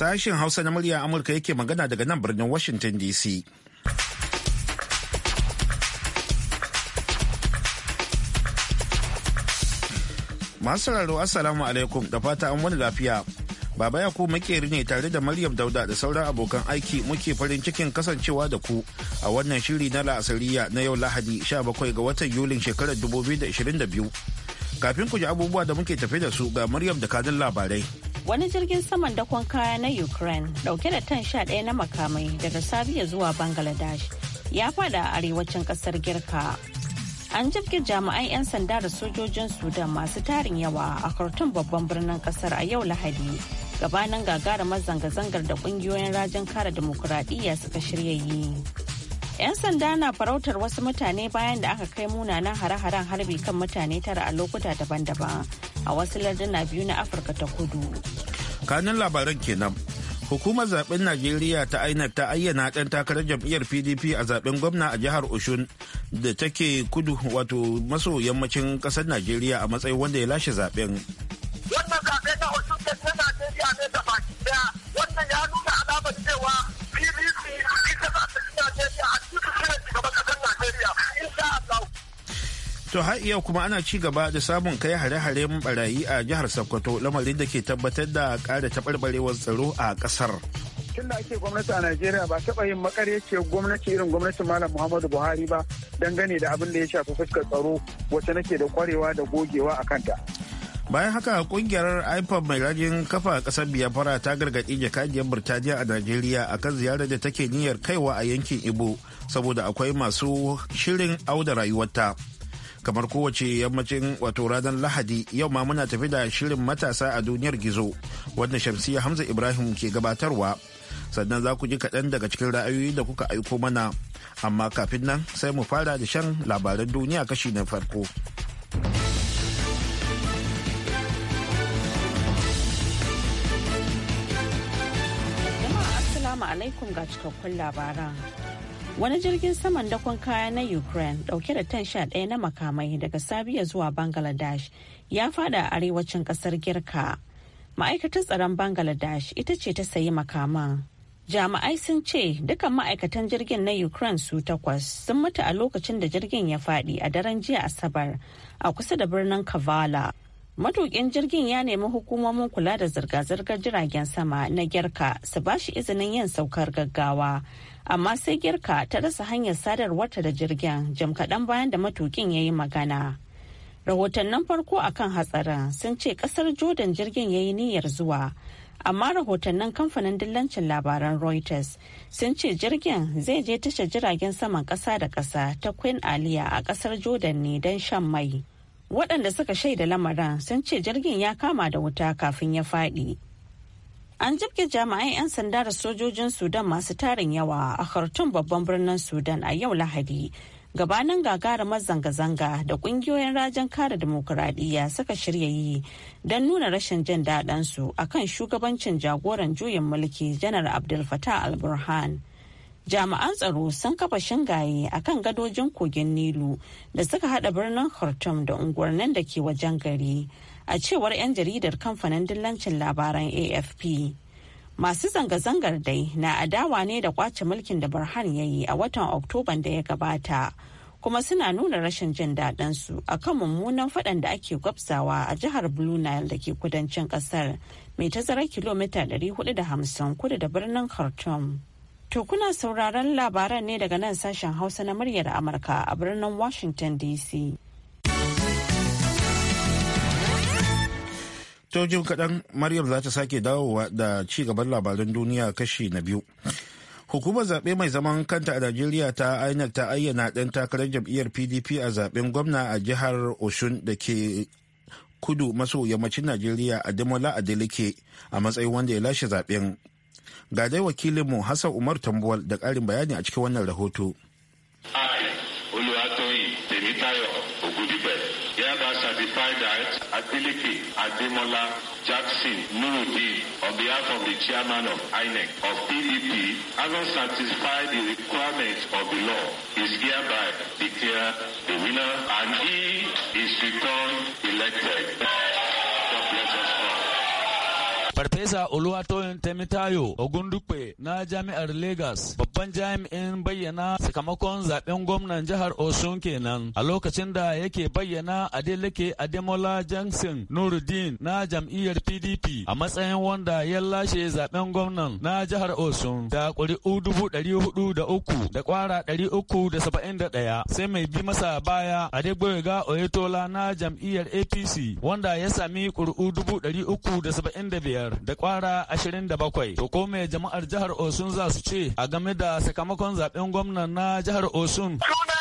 Sashen Hausa na murya Amurka yake magana daga nan birnin Washington DC. Masu raro Assalamu alaikum da fata an wani lafiya. Baba Yakubu makeri ne tare da Maryam Dauda da sauran abokan aiki muke farin cikin kasancewa da ku a wannan shiri na la'asariya na yau Lahadi 17 ga watan Yulin shekarar 2022. Kafin ku ji abubuwa da muke tafe da su ga Maryam da kanin labarai. wani jirgin saman dakon kaya na ukraine dauke da tan sha ɗaya na makamai daga sabiya zuwa bangladesh ya fada a arewacin kasar girka an jirgi jami'an 'yan sanda da sojojin sudan masu tarin yawa a kartun babban birnin kasar a yau lahadi gabanin gagarumar zanga-zangar da kungiyoyin rajin kare demokuraɗiyya suka shirya yi 'yan sanda na farautar wasu mutane bayan da aka kai munanan hare-haren harbi kan mutane tara a lokuta daban-daban a wasu larduna biyu na afirka ta kudu kanin labaran kenan hukumar zaben najeriya ta inec ta ayyana dan takarar jam'iyyar pdp a zaben gwamna a jihar oshun da take kudu wato maso yammacin ƙasar najeriya a matsayin wanda ya lashe zaben To har iya kuma ana ci gaba da samun kai hare-haren barayi a jihar Sokoto lamarin da ke tabbatar da ƙara taɓarɓarewar tsaro a ƙasar. Tun da ake gwamnati a Najeriya ba taɓa yin makarece gwamnati irin gwamnatin Malam Muhammadu Buhari ba dangane da abin da ya shafi fuskar tsaro wacce nake da kwarewa da gogewa a kanta. Bayan haka kungiyar IPOB mai rajin kafa kasar Biafra ta gargaɗi jakadiyar Birtaniya a Najeriya akan ziyarar da take niyyar kaiwa a yankin Ibo saboda akwai masu shirin auda rayuwarta. kamar kowace yammacin wato ranar lahadi yau ma muna tafi da shirin matasa a duniyar gizo wanda shamsiya hamza ibrahim ke gabatarwa sannan za ku ji kaɗan daga cikin ra'ayoyi da kuka aiko mana amma kafin nan sai mu fara da shan labaran duniya kashi na farko alaikum ga cikakkun labaran. wani jirgin saman dakon kaya na ukraine dauke da tan sha daya na makamai daga sabiya zuwa bangladesh ya fada a arewacin kasar girka ma'aikatar tsaron bangladesh ita ce ta sayi makaman jami'ai sun ce dukkan ma'aikatan jirgin na ukraine su takwas sun mutu a lokacin da jirgin ya fadi a daren jiya asabar a kusa da birnin kavala matukin jirgin ya nemi hukumomin kula da zirga-zirgar jiragen sama na girka su bashi izinin yin saukar gaggawa amma sai girka ta rasa hanyar sadarwarta da jirgin jam kaɗan bayan da matukin ya yi magana rahotannin farko a kan hatsarin sun ce ƙasar jordan jirgin ya yi niyyar zuwa amma rahotannin kamfanin dillancin labaran reuters sun ce jirgin zai je tashar jiragen saman ƙasa da ƙasa ta queen aliya a ƙasar jordan ne don shan mai waɗanda suka shaida lamarin sun ce jirgin ya kama da wuta kafin ya faɗi. An jibge jami'an 'yan sanda da sojojin Sudan masu tarin yawa a Khartoum babban birnin Sudan a yau Lahadi. Gabanin gagarumar zanga-zanga da kungiyoyin rajin kare demokuraɗiyya suka shirya yi don nuna rashin jin daɗinsu a kan shugabancin jagoran juyin mulki janar Abdul Fattah al-Burhan. jami'an tsaro sun kafa shingaye a kan gadojin kogin nilu da suka hada birnin khartoum da unguwannin da ke wajen gari a cewar 'yan jaridar kamfanin dillancin labaran afp masu zanga-zangar dai na adawa ne da kwace mulkin da barhan ya yi a watan oktoban da ya gabata kuma suna nuna rashin jin daɗinsu a kan mummunan faɗan da ake gwabzawa a jihar blue nile da ke kudancin ƙasar mai tazarar kilomita 450 kudu da birnin khartoum To kuna sauraron labaran ne daga nan sashen Hausa na muryar Amurka a birnin Washington DC. To jim kaɗan Maryam za ta sake dawowa da ci gaban labaran duniya kashi na biyu. Hukumar zaɓe mai zaman kanta a Najeriya ta ainihin ta ayyana ɗan takarar jam'iyyar PDP a zaɓen gwamna a jihar Oshun da ke kudu maso yammacin Najeriya a Demola Adeleke a matsayin wanda ya lashe zaɓen. Ga dai wakilinmu Hassan Umar Tambuwal da ƙarin bayani a cikin wannan rahoto. Adeleke Ademola Jackson Nurudin on behalf of the chairman of INEC of PDP, having satisfied the requirements of the law, is hereby declared the winner and he is returned elected. Farfesa Oluwatoyin Temitayo Ogundupe na Jami'ar Lagos babban jami'in bayyana sakamakon zaben gwamnan jihar Osun kenan a lokacin da yake bayyana Adeleke Ademola Jansen Nuruddin na jam'iyyar PDP a matsayin wanda ya lashe zaben gwamnan na jihar Osun da ƙuri'u dubu ɗari hudu da uku da ƙwara ɗari uku da saba'in da ɗaya sai mai bi masa baya Adegboyega Oyetola na jam'iyyar APC wanda ya sami ƙuri'u dubu ɗari uku da saba'in da biyar da kwara 27. To ko me jama'ar jihar Osun za su ce a game da sakamakon zaben gwamnan na jihar Osun? Suna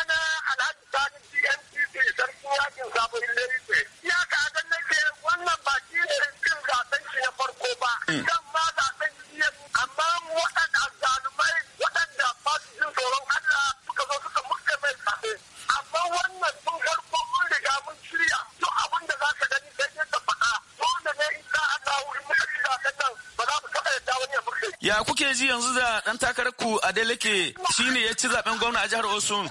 Adeleke shine ya ci zaben gwamna a jihar Osun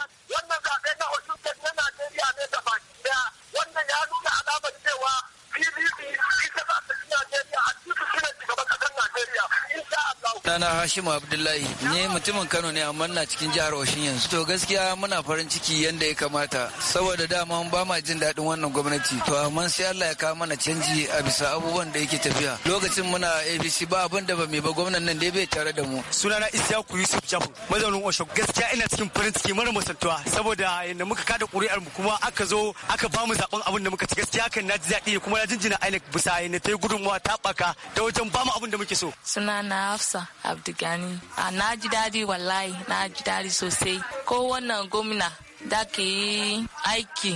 sunana Hashimu Abdullahi ne mutumin Kano ne amma na cikin jihar Oshin yanzu to gaskiya muna farin ciki yanda ya kamata saboda dama ba ma jin daɗin wannan gwamnati to amma sai Allah ya kawo mana canji a bisa abubuwan da yake tafiya lokacin muna ABC ba abin da ba mai ba gwamnan nan da bai tare da mu sunana Isyaku Yusuf Jafu mazaunin Osho gaskiya ina cikin farin ciki mara musantuwa saboda yanda muka kada ƙuri'ar mu kuma aka zo aka ba mu zaben abin da muka ci gaskiya kan na ji daɗi kuma na jinjina ainihin bisa yanda ta yi gudunmawa ta ɓaka ta wajen ba mu abin da muke so sunana Hafsa abdulgani na ji daɗi wallahi na ji daɗi sosai ko wannan gomina, da ke yi aiki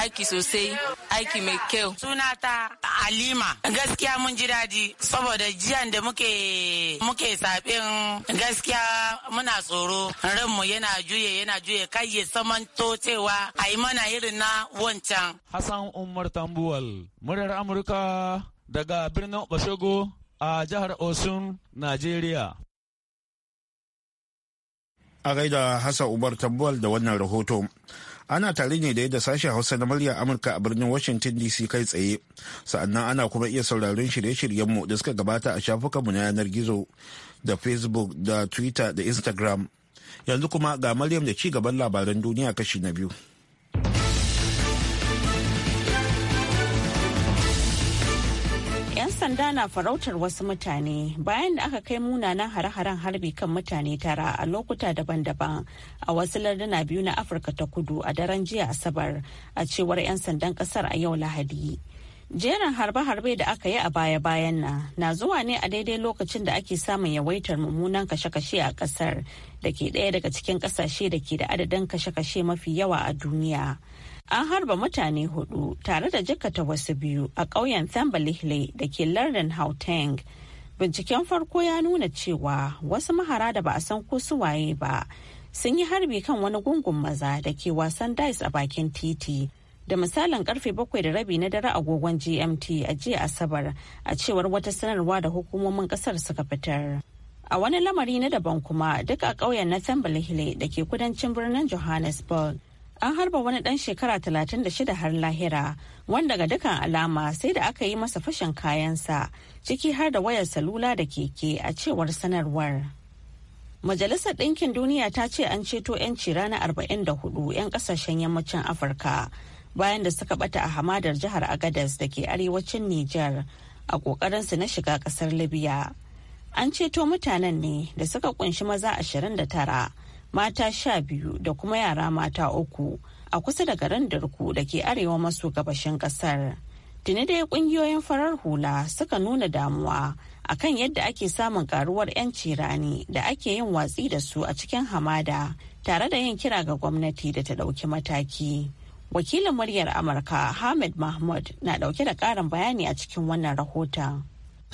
aiki sosai aiki mai kyau suna ta alima gaskiya mun ji daɗi saboda jiyan da muke muke saɓin gaskiya muna tsoro ranmu yana juye yana juye kai ya samanto cewa a yi mana irin na wancan hassan umar tambuwal muryar amurka daga birnin oshogo a jihar Osun, Najeriya. A gaida Hassan Ubar Tabbal da wannan rahoto. Ana tare ne da yadda sashen Hausa na murya Amurka a birnin Washington DC kai tsaye. Sa'annan ana kuma iya sauraron shirye-shiryenmu da suka gabata a shafukanmu na yanar gizo da Facebook da Twitter da Instagram. Yanzu kuma ga Maryam da ci gaban labaran duniya kashi na biyu. sanda na farautar wasu mutane bayan da aka kai munanan hare-haren harbi kan mutane tara a lokuta daban-daban a wasu larduna biyu na Afirka ta kudu a daren jiya Asabar a cewar 'yan sandan kasar a yau Lahadi. Jerin harbe-harbe da aka yi a baya-bayan na na zuwa ne a daidai lokacin da ake samun yawaitar mummunan kashe-kashe a kasar da ke daya daga cikin kasashe da ke da adadin kashe-kashe mafi yawa a duniya. An harba mutane hudu tare da jikata wasu biyu a ƙauyen tambalihle da ke lardin Hauteng. Binciken farko ya nuna cewa wasu mahara da ba a san ko su waye ba sun yi harbi kan wani gungun maza da ke wasan dice a bakin titi. da misalin karfe bakwai da rabi na dare agogon gmt a jiya asabar a cewar wata sanarwa da hukumomin kasar suka fitar a wani lamari na daban kuma duk a ƙauyen na tambalihle da ke kudancin birnin johannesburg an harba wani dan shekara 36 har lahira wanda ga dukan alama sai da aka yi masa fashin kayansa ciki har da wayar salula da keke a cewar sanarwar. Majalisar Ɗinkin Duniya ta ce an ceto 'yanci rana 44 'yan kasashen yammacin Afirka bayan da suka bata a hamadar jihar Agadez da ke arewacin Nijar a ƙoƙarinsu na shiga ƙasar Libya. An ceto mutanen ne da suka kunshi maza 29 mata sha biyu da kuma yara mata uku a kusa da garin Dirku da ke arewa maso gabashin kasar. Tuni dai kungiyoyin farar hula suka nuna damuwa akan yadda ake samun karuwar 'yanci rani da ake yin watsi da su a cikin hamada tare da yin kira ga gwamnati da ta ɗauki mataki. Wakilin muryar Amurka Hamid Mahmud na ɗauke da ƙarin bayani a cikin wannan rahoton.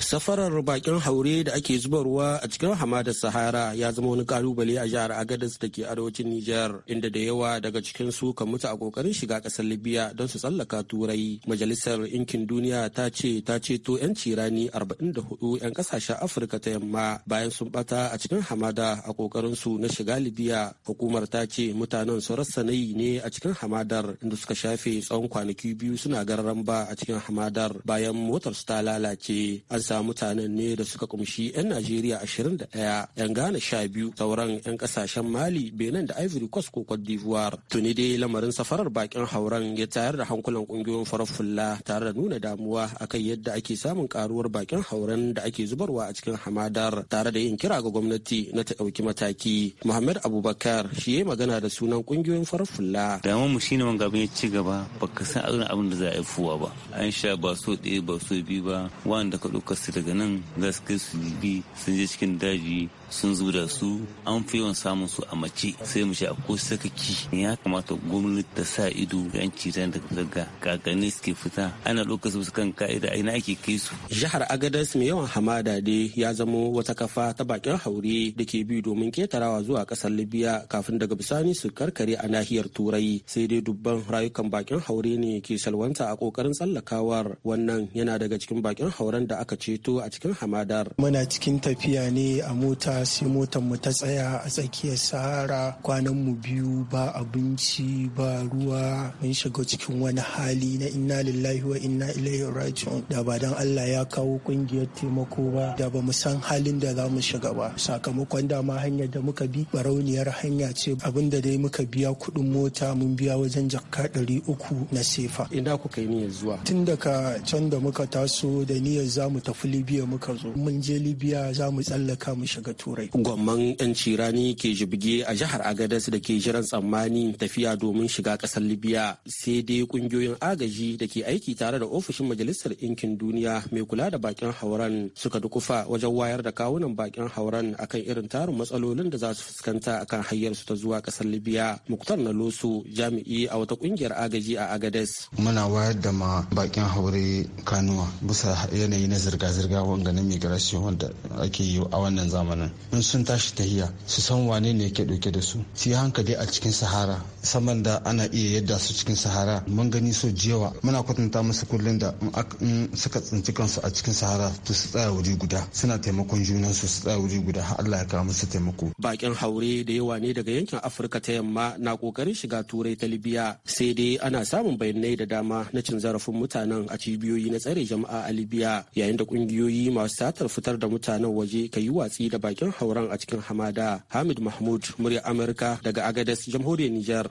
safarar bakin haure da ake zubarwa a cikin hamadar sahara ya zama wani kalubale a jihar agadez da ke arewacin nijar inda da yawa daga cikin su kan mutu a kokarin shiga kasar libya don su tsallaka turai majalisar inkin duniya ta ce ta ceto yan cirani 44 yan kasashen afirka ta yamma bayan sun bata a cikin hamada a kokarin su na shiga libya hukumar ta ce mutanen su rasa nayi ne a cikin hamadar inda suka shafe tsawon kwanaki biyu suna gararan a cikin hamadar bayan motar su ta lalace bisa mutanen ne da suka kumshi 'yan Najeriya 21, 'yan Ghana 12, sauran 'yan kasashen Mali, Benin da Ivory Coast ko Cote d'Ivoire. Tuni dai lamarin safarar bakin hauren ya tayar da hankulan kungiyoyin farar fulla tare da nuna damuwa akan yadda ake samun karuwar bakin hauren da ake zubarwa a cikin hamadar tare da yin kira ga gwamnati na ta ɗauki mataki. Muhammad Abubakar shi ya magana da sunan kungiyoyin farar fulla. Damuwar mu shine wanga ya ci gaba baka san abin da za a yi fuwa ba. An sha ba so ɗaya ba so biyu ba wanda ka ɗauka su daga nan za su kai su jibi sun je cikin daji sun zo da su an fi yawan samun su a mace sai mu sha ko sakaki ya kamata gwamnati ta sa ido yan ran da daga kakanni suke fita ana ɗaukar su kan ka'ida ina ake kai su. jihar agadas mai yawan hamada ne ya zamo wata kafa ta bakin haure da ke bi domin ketarawa zuwa kasar libya kafin daga bisani su karkare a nahiyar turai sai dai dubban rayukan bakin haure ne ke salwanta a kokarin tsallakawar wannan yana daga cikin bakin hauren da aka ceto a cikin hamadar. muna cikin tafiya ne a mota sai motar mu ta tsaya a tsakiyar sahara kwanan mu biyu ba abinci ba ruwa mun shiga cikin wani hali na inna lillahi wa inna ilaihi raji'un da ba dan Allah ya kawo kungiyar taimako ba da ba mu san halin da za mu shiga ba sakamakon dama hanyar da muka bi barauniyar hanya ce abin da dai muka biya kuɗin mota mun biya wajen jakka ɗari uku na sefa inda kuka yi niyyar zuwa tun daga can da muka taso da niyyar za mu tafi libya muka zo mun je libya za mu tsallaka mu shiga turai gwamman yanci rani ke jibge a jihar agadas da ke jiran tsammani tafiya domin shiga kasar libya sai dai kungiyoyin agaji da ke aiki tare da ofishin majalisar ɗinkin duniya mai kula da bakin hauran suka dukufa wajen wayar da kawunan bakin hauran akan irin tarin matsalolin da za su fuskanta akan su ta zuwa kasar libya muktar na loso jami'i a wata kungiyar agaji a agades muna wayar da ma bakin haure kanuwa bisa yanayi na zirga-zirga wanga na migration wanda ake yi a wannan zamanin in sun tashi tahiya su san wane ne yake dauke da su su yi hankali a cikin sahara saman da ana iya yadda su cikin sahara mun gani so jewa muna kwatanta musu kullum da in suka tsinci kansu a cikin sahara to su tsaya wuri guda suna taimakon junan su su tsaya wuri guda har Allah ya kawo musu taimako bakin haure da yawa ne daga yankin Afirka ta yamma na kokarin shiga turai ta Libya sai dai ana samun bayanai da dama na cin zarafin mutanen a cibiyoyi na tsare jama'a a Libya yayin da kungiyoyi masu satar fitar da mutanen waje ka yi watsi da bakin bakin hauren a cikin hamada hamid mahmud murya amurka daga agadas jamhuriyar nijar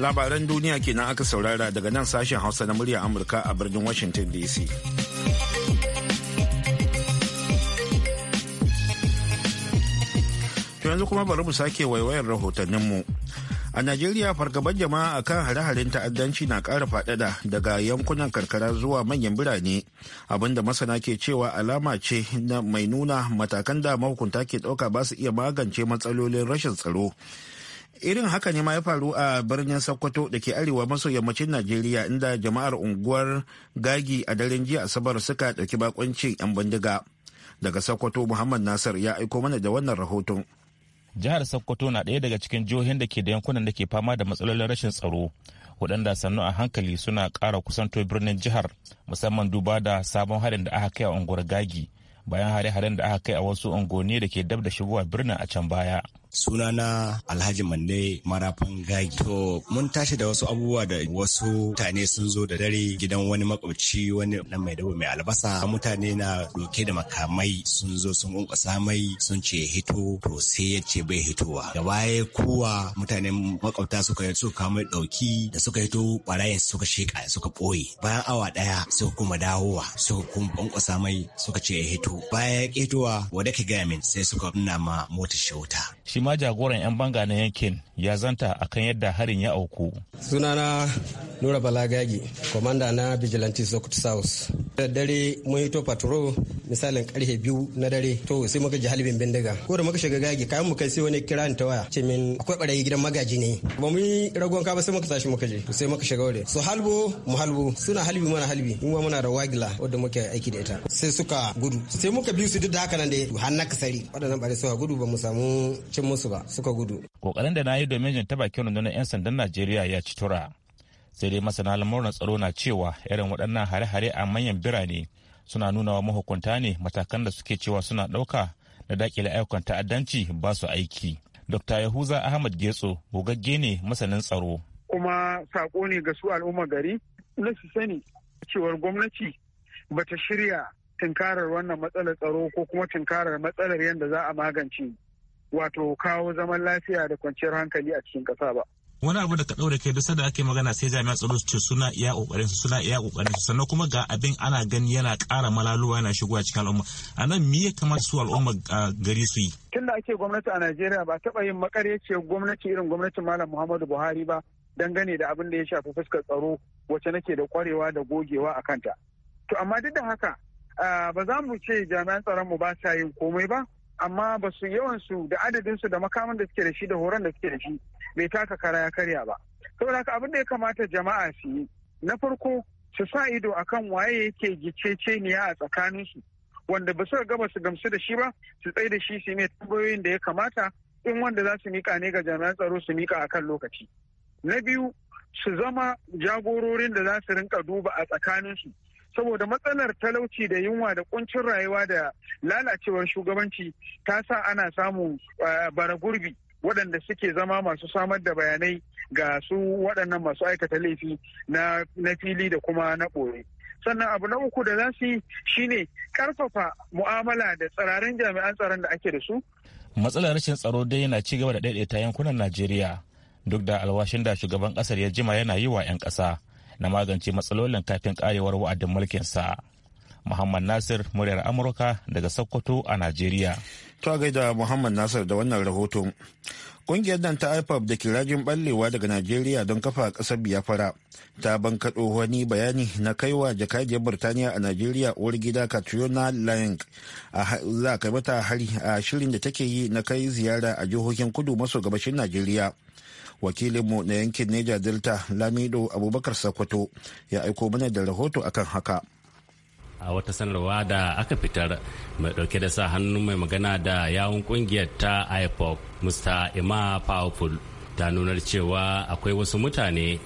labaran duniya kenan aka saurara daga nan sashen hausa na murya amurka a birnin washington dc yanzu kuma bari mu sake waiwayar rahotanninmu A Najeriya fargabar jama'a a kan hare-haren ta'addanci na ƙara faɗaɗa daga yankunan karkara zuwa manyan birane abinda masana ke cewa alama ce na mai nuna matakan da mahukunta ke ɗauka ba su iya magance matsalolin rashin tsaro. Irin haka ne ma ya faru a birnin Sokoto da ke arewa maso yammacin Najeriya inda jama'ar unguwar Gagi a daren jiya Asabar suka ɗauki bakoncin 'yan bindiga. Daga Sokoto Muhammad Nasir ya aiko mana da wannan rahoton. jihar sokoto na ɗaya daga cikin jihohin da ke da yankunan da ke fama da matsalolin rashin tsaro waɗanda sannu a hankali suna ƙara kusanto birnin jihar musamman duba da sabon harin da aka kai a unguwar gagi bayan hare-haren da aka kai a wasu unguwanni da ke dab da shigowa birnin a can baya sunana alhaji manne marafan gagi to mun tashi da wasu abubuwa da wasu mutane sun zo da dare gidan wani makwabci wani na mai dabo mai albasa mutane na doke da makamai sun zo sun kunkusa mai sun ce hito to sai ya ce bai hitowa da baya kowa mutane makwabta suka suka mai dauki da suka hito barayin suka sheka suka boye bayan awa daya suka kuma dawowa suka kuma kunkusa mai suka ce hito baya ya ketowa wanda ka gaya min sai suka nuna ma motar shauta ma jagoran 'yan banga na yankin ya zanta a akan yadda harin ya auku. Sunana Nura Balagagi, komanda na Vigilante Sokoto South. Da dare mun hito patro misalin karfe biyu na dare to sai muka ji halibin bindiga. Ko da muka shiga gagi kayan mu kai sai wani kira ta waya ce min akwai barayi gidan magaji ne. Ba mu yi ragon ka ba sai muka tashi muka je sai muka shiga wuri. Su halbo mu halbo suna halibi mana halbi mu muna da wagila wadda muke aiki da ita. Sai suka gudu sai muka bi su duk da haka nan da hannaka sari wadannan bare bari suka gudu ba mu samu cin musu ba suka gudu kokarin da na yi domin jin taba bakin rundunar 'yan sandan najeriya ya ci tura sai dai masana lamuran tsaro na cewa irin waɗannan hare-hare a manyan birane suna nuna wa mahukunta ne matakan da suke cewa suna ɗauka da dakile ayyukan ta'addanci ba su aiki. Dr. Yahuza Ahmad Getso gogagge ne masanin tsaro. Kuma saƙo ne ga su al'umma gari na su sani cewar gwamnati bata shirya tunkarar wannan matsalar tsaro ko kuma tunkarar matsalar yadda za a magance wato kawo zaman lafiya da kwanciyar hankali a cikin kasa ba. wani abu da ka ɗaure kai duk da ake magana sai jami'an tsaro su ce suna iya ƙoƙarin su suna iya ƙoƙarin su sannan kuma ga abin ana gani yana ƙara malaluwa yana shigowa cikin al'umma a nan me ya kamata su al'umma gari su yi. tunda ake gwamnati a najeriya ba taɓa yin makaryaciyar gwamnati irin gwamnatin malam muhammadu buhari ba dangane da abin da ya shafi fuskar tsaro wacce nake da ƙwarewa da gogewa a kanta. to amma duk da haka ba za mu ce jami'an tsaron mu ba sa yin komai ba amma ba su yawan su da adadin su da makaman da suke da shi da horon da suke da shi bai taka kara ya karya ba saboda haka abin da ya kamata jama'a su yi na farko su sa ido akan waye yake giceceniya a tsakaninsu wanda ba su ga ba su gamsu da shi ba su tsaye da shi su mai tambayoyin da ya kamata in wanda za su mika ne ga jami'an tsaro su mika akan lokaci na biyu su zama jagororin da za su rinka duba a tsakaninsu. saboda matsalar talauci da yunwa da kuncin rayuwa da lalacewar shugabanci ta sa ana samun eh, bara gurbi waɗanda suke zama masu samar da bayanai ga su waɗannan masu aikata laifi na fili da kuma na ɓoye. sannan abu na uku da za su yi shine karfafa mu'amala da tsirarin jami'an tsaron da ake da su. matsalar rashin tsaro dai yana ci gaba da daidaita yankunan najeriya duk da alwashin da shugaban kasar ya jima yana yi wa 'yan kasa. na magance matsalolin kafin karewar wa'adin mulkin sa Muhammad Nasir muryar Amurka daga Sokoto a Najeriya. To gaida Muhammad Nasir da wannan rahoton Kungiyar nan ta IPOP da kirajin ballewa daga Najeriya don kafa kasar Biafra ta bankaɗo wani bayani na kaiwa jakadiyar Birtaniya a Najeriya uwar gida Katrina Lang za a kai mata hari a shirin da take yi na kai ziyara a jihohin kudu maso gabashin Najeriya. wakilinmu na yankin niger delta lamido abubakar sakwato ya aiko mana da rahoto akan haka a wata sanarwa da aka fitar mai dauke da sa hannu mai magana da yawun kungiyar ta ipoc mr emma powerful ta nunar cewa akwai wasu mutane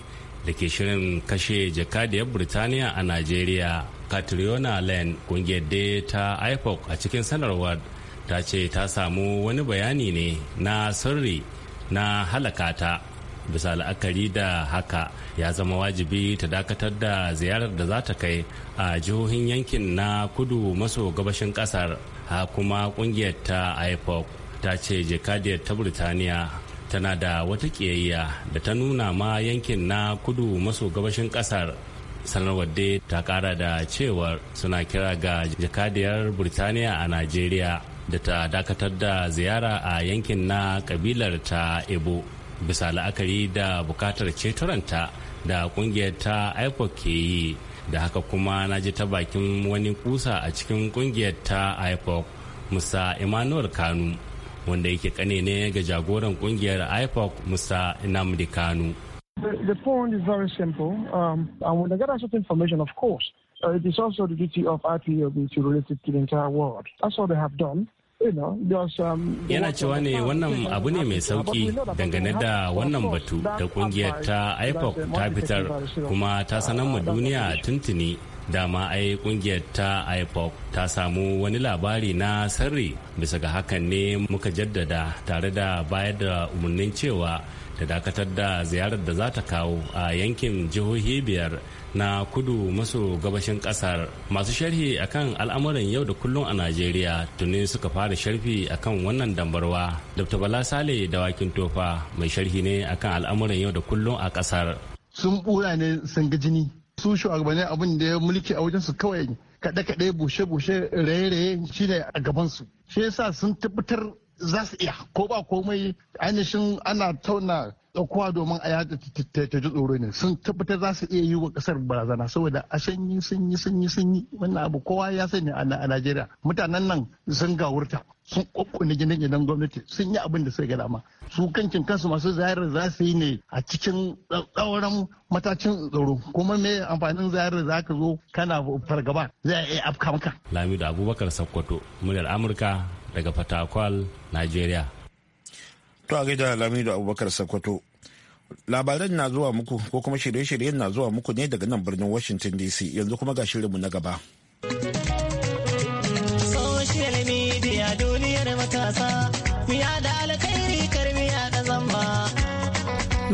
da ke shirin kashe jakadiyar burtaniya a najeriya katriona lane kungiyar da ta ipoc a cikin sanarwar ta ce ta samu wani bayani ne na sirri na halakata ta bisa la'akari da haka ya zama wajibi ta dakatar da ziyarar da za ta kai a jihohin yankin na kudu maso gabashin kasar ha kuma kungiyar ta ipoc ta ce jakadiyar ta burtaniya tana da wata kiyayya da ta nuna ma yankin na kudu maso gabashin kasar sanarwar dai ta kara da cewar suna kira ga jakadiyar burtaniya a najeriya da ta dakatar da ziyara a yankin na kabilar ta ebo bisa la'akari da bukatar cetoranta da kungiyar ta ipoc ke yi da haka kuma na ji ta bakin wani kusa a cikin kungiyar ta ipoc musa emmanuel kanu wanda yake kane ne ga jagoran kungiyar ipoc musa namdi kanu The, point is very simple. Um, and when they get that information, of course, Uh, it is also the duty of IPOB to relate it to the entire world. That's what they have done. yana cewa ne wannan abu ne mai sauki dangane da wannan batu da kungiyar ta ipoc ta fitar kuma ta sanar ma duniya tuntuni dama ai kungiyar ta ipoc ta samu wani labari na sirri bisa ga hakan ne muka jaddada tare da bayar da umarnin cewa da dakatar da ziyarar da za ta kawo a yankin jihohi biyar na kudu maso gabashin kasar masu sharhi akan al'amuran yau da kullum a najeriya tuni suka fara sharfi akan wannan dambarwa dr bala sale da wakin tofa mai sharhi ne akan al'amuran yau da kullum a kasar sun bura ne sun ga jini su shugabannin abin da ya mulki a wajensu kawai kaɗe-kaɗe bushe-bushe raye-raye shine a gabansu shi yasa sun tabbatar za su iya ko ba komai ainihin ana tauna ɗaukowa domin a yada ta ji tsoro ne sun tabbatar za su iya yi wa ƙasar barazana saboda a sanyi sun yi sun yi wannan abu kowa ya sani a Najeriya mutanen nan sun gawurta sun kokkone gidan gidan gwamnati sun yi abin da suka gada ma su kankin kansu masu zayar za su yi ne a cikin tsauran matacin tsaro kuma me amfanin zayar za ka zo kana fargaba za a iya afka maka. Lamido Abubakar Sakkwato muryar Amurka daga Fatakwal, nigeria. To a gaida Lamido Abubakar Sokoto. Labaran na zuwa muku ko kuma shirye-shiryen na zuwa muku ne daga nan birnin Washington DC yanzu kuma ga shirinmu na gaba.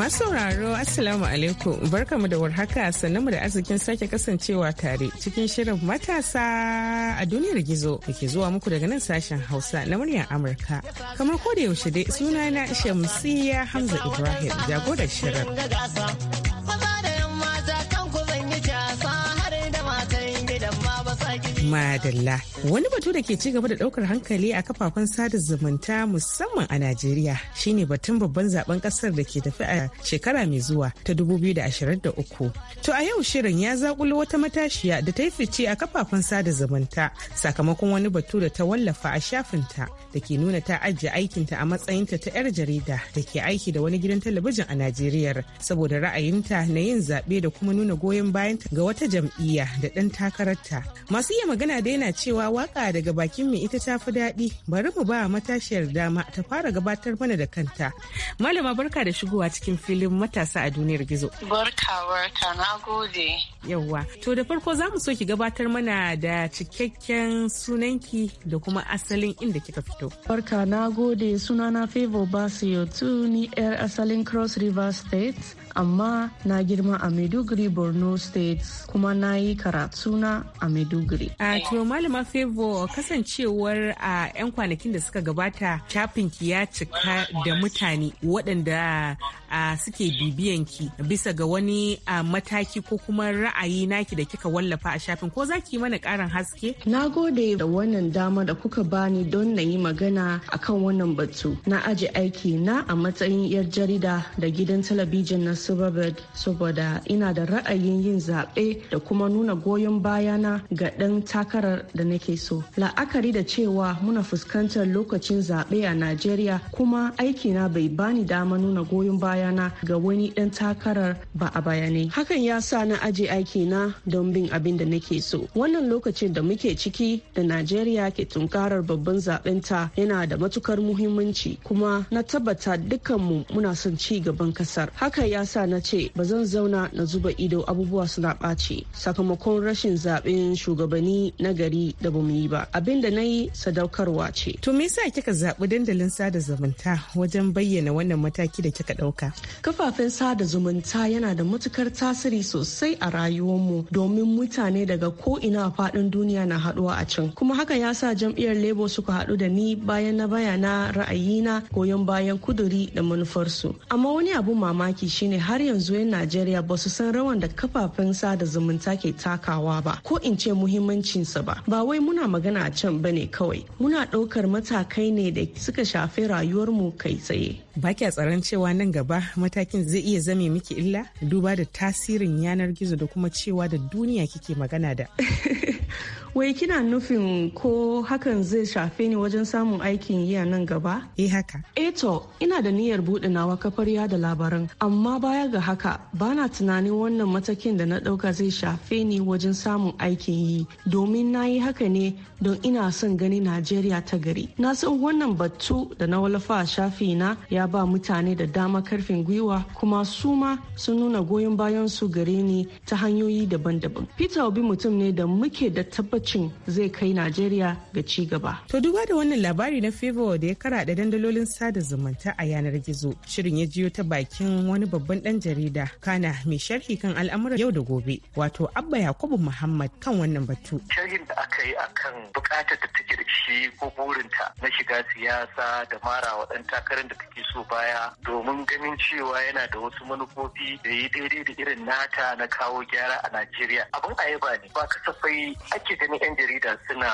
Masu sauraro Assalamu alaikum barkamu da warhaka sannanmu da arzikin sake kasancewa tare cikin shirin matasa a duniyar gizo da ke zuwa muku daga nan sashen Hausa na muryar Amurka. Kamar kodayaushe da yaushe dai sunana Shamsiyya Hamza Ibrahim jagorar shirin. Madalla. Wani batu da ke ci gaba da daukar hankali a kafafen sada zumunta musamman a Najeriya shine batun babban zaben kasar da ke tafi a shekara mai zuwa ta 2023. To a yau shirin ya zakulo wata matashiya da ta yi fice a kafafen sada zumunta sakamakon wani batu da ta wallafa a shafinta da ke nuna ta ajiye aikinta a matsayinta ta 'yar jarida da ke aiki da wani gidan talabijin a Najeriya saboda ra'ayinta na yin zaɓe da kuma nuna goyon bayanta ga wata jam'iyya da ɗan takararta. Masu iya magana magana da yana cewa waka daga bakin mu ita tafi daɗi bari mu ba matashiyar dama ta fara gabatar mana da kanta. Malama barka da shigowa cikin filin matasa a duniyar gizo. Barka barka na gode. Yawwa to da farko za mu so ki gabatar mana da cikakken sunanki da kuma asalin inda kika fito. Barka na gode suna favo Favor Basiyo ni 'yar asalin Cross River State. amma na girma a Maiduguri Borno State kuma na yi karatuna a Maiduguri. A eh. to malama Favo kasancewar a 'yan kwanakin da suka gabata shafin ki ya cika da mutane waɗanda suke bibiyan ki bisa ga wani mataki ko kuma ra'ayi naki da kika wallafa a shafin ko za ki mana ƙarin haske? Na gode da wannan dama da kuka bani don na yi magana akan wannan batu. Na aji aiki na a matsayin 'yar jarida da gidan talabijin na Superbird saboda ina da ra'ayin yin zaɓe da kuma nuna goyon bayana ga ɗan takarar da nake so la'akari da cewa muna fuskantar lokacin zaɓe a najeriya kuma aikina bai bani dama nuna goyon bayana ga wani ɗan takarar ba a bayanai hakan ya sa na aje aikina don bin abin da nake so wannan lokacin da muke ciki da najeriya ke tunkarar babban zaben ta yana da matukar muhimmanci kuma na tabbata dukkanmu muna son ci gaban kasar hakan ya sa na ce ba zan zauna na zuba ido abubuwa suna ɓaci sakamakon rashin zaɓen shugabanni na gari da ba mu yi ba abin da na yi sadaukarwa ce. To me yasa kika zaɓi dandalin sada zumunta wajen bayyana wannan mataki da kika ɗauka? Kafafen sada zumunta yana da matukar tasiri sosai a rayuwar mu domin mutane daga ko ina faɗin duniya na haɗuwa a can. Kuma haka ya sa jam'iyyar Labour suka haɗu da ni bayan na bayana ra'ayina goyon bayan kuduri da manufarsu. Amma wani abu mamaki shine har yanzu 'yan Najeriya ba su san rawan da kafafen sada zumunta ke takawa ba. Ko in ce muhimmanci ingancinsa ba ba wai muna magana a can bane kawai muna ɗaukar matakai ne da suka shafi rayuwarmu kai tsaye ba kya tsaron cewa nan gaba matakin zai iya zame miki illa duba da tasirin yanar gizo da kuma cewa da duniya kike magana da wai kina nufin ko hakan zai shafe ni wajen samun aikin yi a nan gaba eh haka eh ina da niyyar buɗe nawa kafar yada labaran amma baya ga haka bana tunanin wannan matakin da na ɗauka zai shafe ni wajen samun aikin yi domin na yi haka ne don ina son gani najeriya ta gari na san wannan batu da na walafa a shafi na ya ba mutane da dama karfin gwiwa kuma su ma sun nuna goyon bayan su gare ni ta hanyoyi daban-daban peter obi mutum ne da muke da tabbata. tabbacin zai kai najeriya ga ci gaba to duba da wannan labari na favor da ya karaɗe dandalolin sada zumunta a yanar gizo shirin ya jiyo ta bakin wani babban dan jarida kana mai sharhi kan al'amuran yau da gobe wato abba yakubu muhammad kan wannan batu sharhin da aka yi akan bukatar da take da shi ko burinta na shiga siyasa da mara wa takarar da take so baya domin ganin cewa yana da wasu manufofi da yi daidai da irin nata na kawo gyara a najeriya abin ayaba ne ba kasafai ake ganin wasu 'yan jarida suna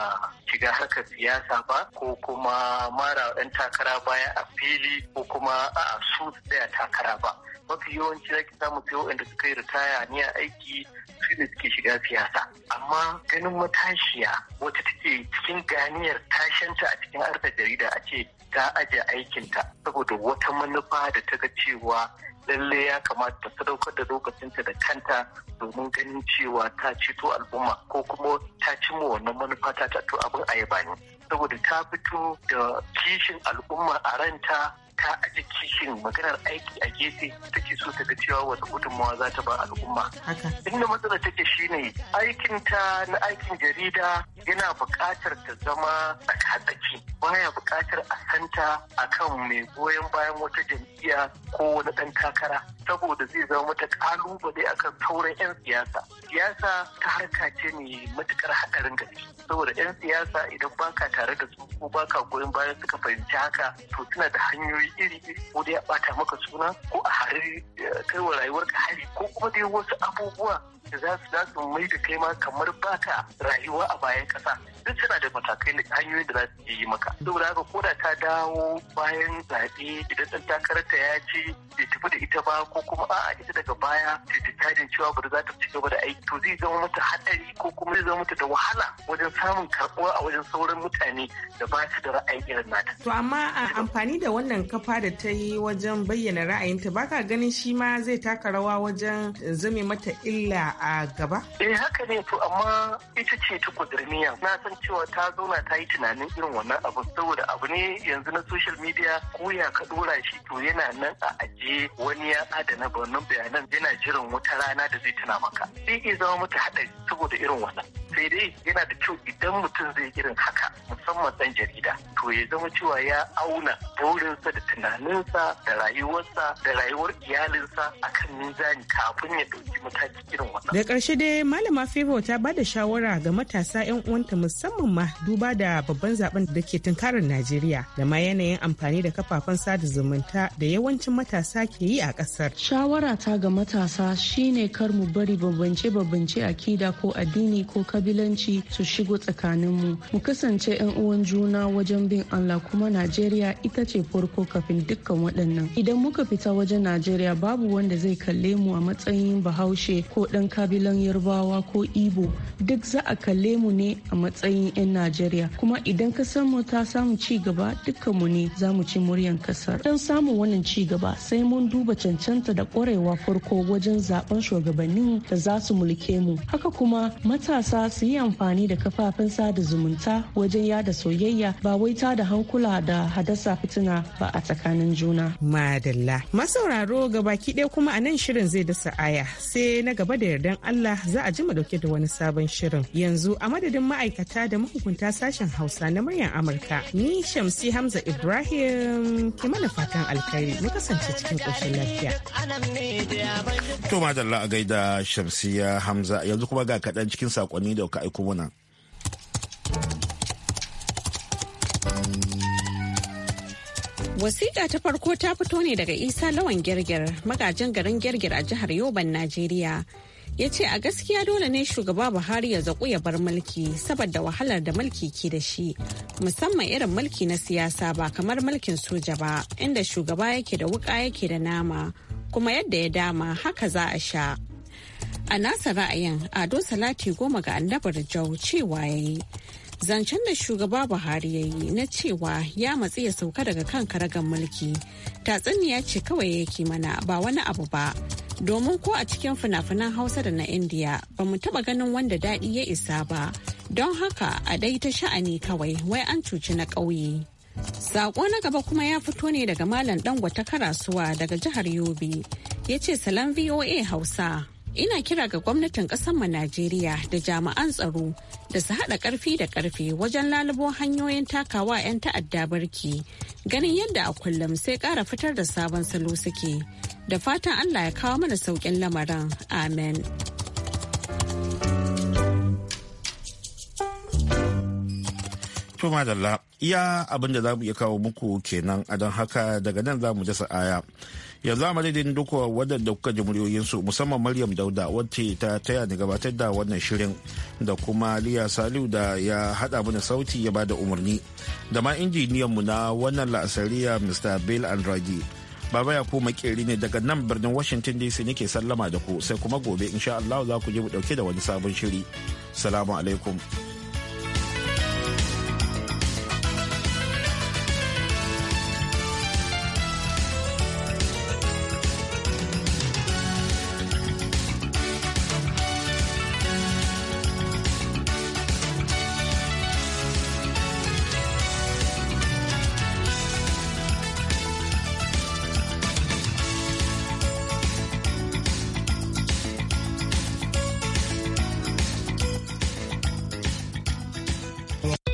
shiga harkar siyasa ba ko kuma mara ɗan takara baya a fili ko kuma a su tsaya takara ba mafi yawanci zaki samu sai wanda suka yi ritaya ni a aiki su ne suke shiga siyasa amma ganin matashiya wata take cikin ganiyar tashanta a cikin harkar jarida a ce ta ajiye aikinta saboda wata manufa da ta ga cewa lalle ya kamata ta sadaukar da lokacinta da kanta domin ganin cewa ta ceto al'umma ko kuma ta ci cimma wannan manufa ta to abin ayaba ne saboda ta fito da kishin al'umma a ranta ta aji kishin maganar aiki a gefe Ta take so ta ga cewa wata gudunmawa za ta ba al'umma. Inda matsala take ne aikin ta na aikin jarida yana buƙatar ta zama tsakatsaki baya buƙatar a santa akan mai goyon bayan wata jam'iyya ko wani ɗan takara saboda zai zama mata ƙalubale akan sauran 'yan siyasa. Siyasa ta harka ce mai matuƙar haɗarin gari. saboda 'yan siyasa idan baka tare da su ko baka goyon bayan suka fahimci haka to suna da hanyoyi iri-iri ko dai a bata maka suna ko a hari eh, kai wa rayuwarka hari ko kuma dai wasu abubuwa da za su za su mai da kai ma kamar baka rayuwa a bayan kasa duk suna da matakai da hanyoyin da za su yi maka saboda haka ko da ta dawo bayan zaɓe idan ɗan takarar ta ya ce bai tafi da ita ba ko kuma a'a ita daga baya ta tajin cewa ba za ta ci gaba da aiki to zai zama mata haɗari ko kuma zai zama mata da wahala wajen samun karɓuwa a wajen sauran mutane da ba su da ra'ayin irin nata. To amma amfani da wannan kafa da ta yi wajen bayyana ra'ayinta baka ganin shi ma zai taka rawa wajen zame mata illa a gaba? Eh haka ne to amma ita ce ta kudurniya na san cewa ta zauna ta yi tunanin irin wannan abu saboda abu ne yanzu na social media ko ya ka dora shi to yana nan a ajiye wani ya adana wannan bayanan yana jiran wata rana da zai tuna maka. Sai ke zama mata haɗari saboda irin wannan. Sai dai yana da kyau idan mutum zai irin haka musamman ɗan jarida to ya zama cewa ya auna burinsa da da tunaninsa da rayuwarsa da rayuwar iyalinsa a kan ninzani kafin ya ɗauki mataki irin wannan. Da ƙarshe dai malama Febo ta ba da shawara ga matasa 'yan uwanta musamman ma duba da babban zaben da ke tunkarar Najeriya da ma yanayin amfani da kafafen sada zumunta da yawancin matasa ke yi a ƙasar. Shawara ta ga matasa shine kar mu bari bambance-bambance akida ko addini ko kabilanci su shigo tsakaninmu. Mu kasance 'yan uwan juna wajen bin Allah kuma Najeriya ita ce farko kafin dukkan waɗannan idan muka fita wajen najeriya babu wanda zai kalle mu a matsayin bahaushe ko ɗan kabilan yarbawa ko ibo duk za a kalle mu ne a matsayin 'yan najeriya kuma idan kasar mu ta samu ci gaba dukkan mu ne za mu ci muryan kasar don samun wannan ci gaba sai mun duba cancanta da ƙwarewa farko wajen zaben shugabannin da za su mulke mu haka kuma matasa su yi amfani da kafafen sada zumunta wajen yada soyayya ba wai ta da hankula da hadasa fitina ba a a tsakanin juna. Madalla. Masauraro ga baki ɗaya kuma a nan shirin zai da sa'aya sai na gaba da yardan Allah za a ji mu dauke da wani sabon shirin. Yanzu a madadin ma'aikata da mahukunta sashen Hausa na muryar Amurka. Ni Shamsi Hamza Ibrahim ke mana fatan alkhairi mu kasance cikin ƙoshin lafiya. To madalla a gaida Shamsiya Hamza yanzu kuma ga kaɗan cikin saƙonni da ka aiko mana. Wasiƙa ta farko ta fito ne daga Isa Lawan Girgir, magajin garin Girgir a jihar Yoban, Najeriya. Ya ce a gaskiya dole ne shugaba Buhari ya zaƙu ya bar mulki saboda wahalar da mulki ke da shi, musamman irin mulki na siyasa ba kamar mulkin soja ba, inda shugaba yake da wuƙa yake da nama, kuma yadda ya dama haka za a sha. A nasa ra'ayin Ado Salati goma ga annabar Jau cewa ya yi. zancen da shugaba buhari ya yi na cewa ya matsi ya sauka daga kan karagan mulki tatsuniya ce kawai yake mana ba wani abu ba domin ko a cikin fina-finan hausa da na indiya ba mu taba ganin wanda daɗi ya isa ba don haka a dai ta sha'ani kawai wai an cuci na ƙauye saƙo na gaba kuma ya fito ne daga Malam Dangwa ta Karasuwa daga jihar Yobe. Ya ce salon VOA Hausa. ina kira ga gwamnatin mu Najeriya da jami'an tsaro da su haɗa ƙarfi da ƙarfe wajen lalubo hanyoyin takawa 'yan ta'adda barki ganin yadda a kullum sai ƙara fitar da sabon salo suke da fatan Allah ya kawo mana sauƙin lamarin amen. To madalla iya abin da za mu iya kawo muku kenan a don haka daga nan za mu dasa aya. Yanzu mu duk duka waɗanda kuka ji muryoyinsu musamman Maryam Dauda wacce ta taya ni gabatar da wannan shirin da kuma Liya Saliu da ya haɗa mana sauti ya bada umarni da ma injiniyan mu na wannan la'asariya Mr. Bill Andrade. Baba ya ku makeri ne daga nan birnin Washington DC nake sallama da ku sai kuma gobe insha Allah za ku je mu ɗauke da wani sabon shiri. Salamu alaikum.